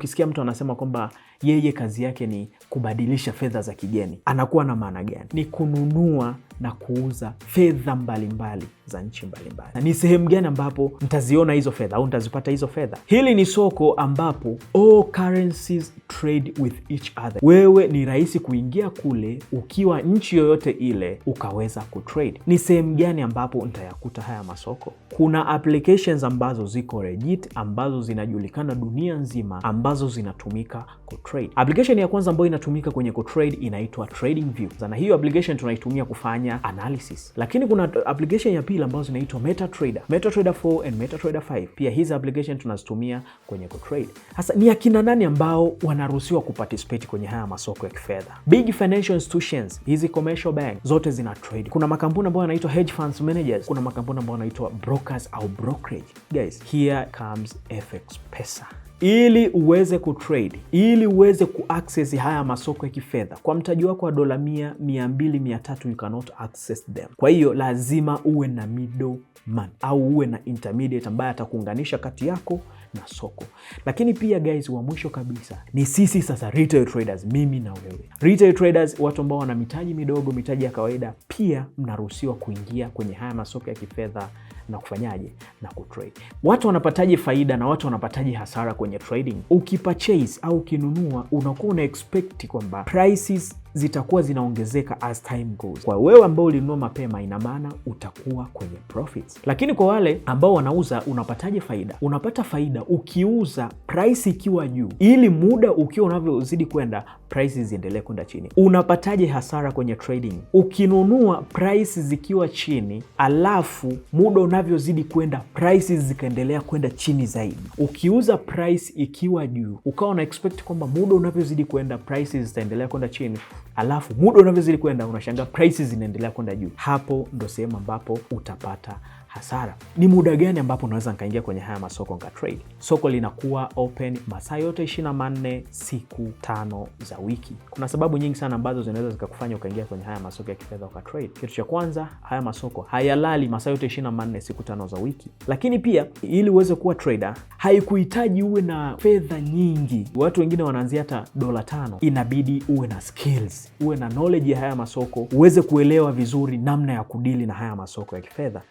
Ukisikia mtu anasema kwamba yeye kazi yake ni kubadilisha fedha za kigeni, anakuwa na maana gani? Ni kununua na kuuza fedha mbalimbali za nchi mbalimbali, na ni sehemu gani ambapo ntaziona hizo fedha au ntazipata hizo fedha? Hili ni soko ambapo all currencies trade with each other. Wewe ni rahisi kuingia kule ukiwa nchi yoyote ile ukaweza kutrade. Ni sehemu gani ambapo ntayakuta haya masoko? Kuna applications ambazo ziko legit ambazo zinajulikana dunia nzima ambazo ambazo zinatumika kutrade. Application ya kwanza ambayo inatumika kwenye kutrade inaitwa TradingView. Zana hiyo application tunaitumia kufanya analysis, lakini kuna application ya pili ambazo zinaitwa MetaTrader, MetaTrader 4 and MetaTrader 5. Pia hizi application tunazitumia kwenye kutrade. Sasa ni akina nani ambao wanaruhusiwa kuparticipate kwenye haya masoko ya kifedha? Big financial institutions, hizi commercial bank zote zina trade. Kuna makampuni ambayo yanaitwa hedge funds managers, kuna makampuni ambayo yanaitwa brokers au brokerage. Guys, here comes FX Pesa. Ili uweze kutrade, ili uweze kuaccess haya masoko ya kifedha kwa mtaji wako wa dola mia, mia mbili, mia tatu, you cannot access them. Kwa hiyo lazima uwe na man au uwe na intermediate ambaye atakuunganisha kati yako na soko. Lakini pia guys, wa mwisho kabisa ni sisi sasa retail traders, mimi na wewe retail traders, watu ambao wana mitaji midogo, mitaji ya kawaida, pia mnaruhusiwa kuingia kwenye haya masoko ya kifedha na kufanyaje na kutrade. Watu wanapataje faida na watu wanapataje hasara kwenye trading? Ukipurchase au ukinunua, unakuwa una expect kwamba prices zitakuwa zinaongezeka as time goes. Kwa wewe ambao ulinunua mapema, ina maana utakuwa kwenye profits, lakini kwa wale ambao wanauza, unapataje faida? Unapata faida ukiuza price ikiwa juu, ili muda ukiwa unavyozidi kwenda price ziendelee kwenda chini. Unapataje hasara kwenye trading? Ukinunua price zikiwa chini, alafu muda unavyozidi kwenda price zikaendelea kwenda chini zaidi. Ukiuza price ikiwa juu, ukawa na expect kwamba muda unavyozidi kwenda price zitaendelea kwenda chini, alafu muda unavyozidi kwenda unashangaa prices zinaendelea kwenda juu. Hapo ndo sehemu ambapo utapata hasara. Ni muda gani ambapo unaweza nikaingia kwenye haya masoko nka trade? Soko linakuwa open masaa yote 24 siku tano za wiki. Kuna sababu nyingi sana ambazo zinaweza zikakufanya ukaingia kwenye haya masoko ya kifedha uka trade. Kitu cha kwanza, haya masoko hayalali masaa yote 24 siku tano za wiki, lakini pia ili uweze kuwa trader haikuhitaji uwe na fedha nyingi. Watu wengine wanaanzia hata dola tano, inabidi uwe na skills uwe na knowledge ya haya masoko, uweze kuelewa vizuri namna ya kudili na haya masoko ya kifedha.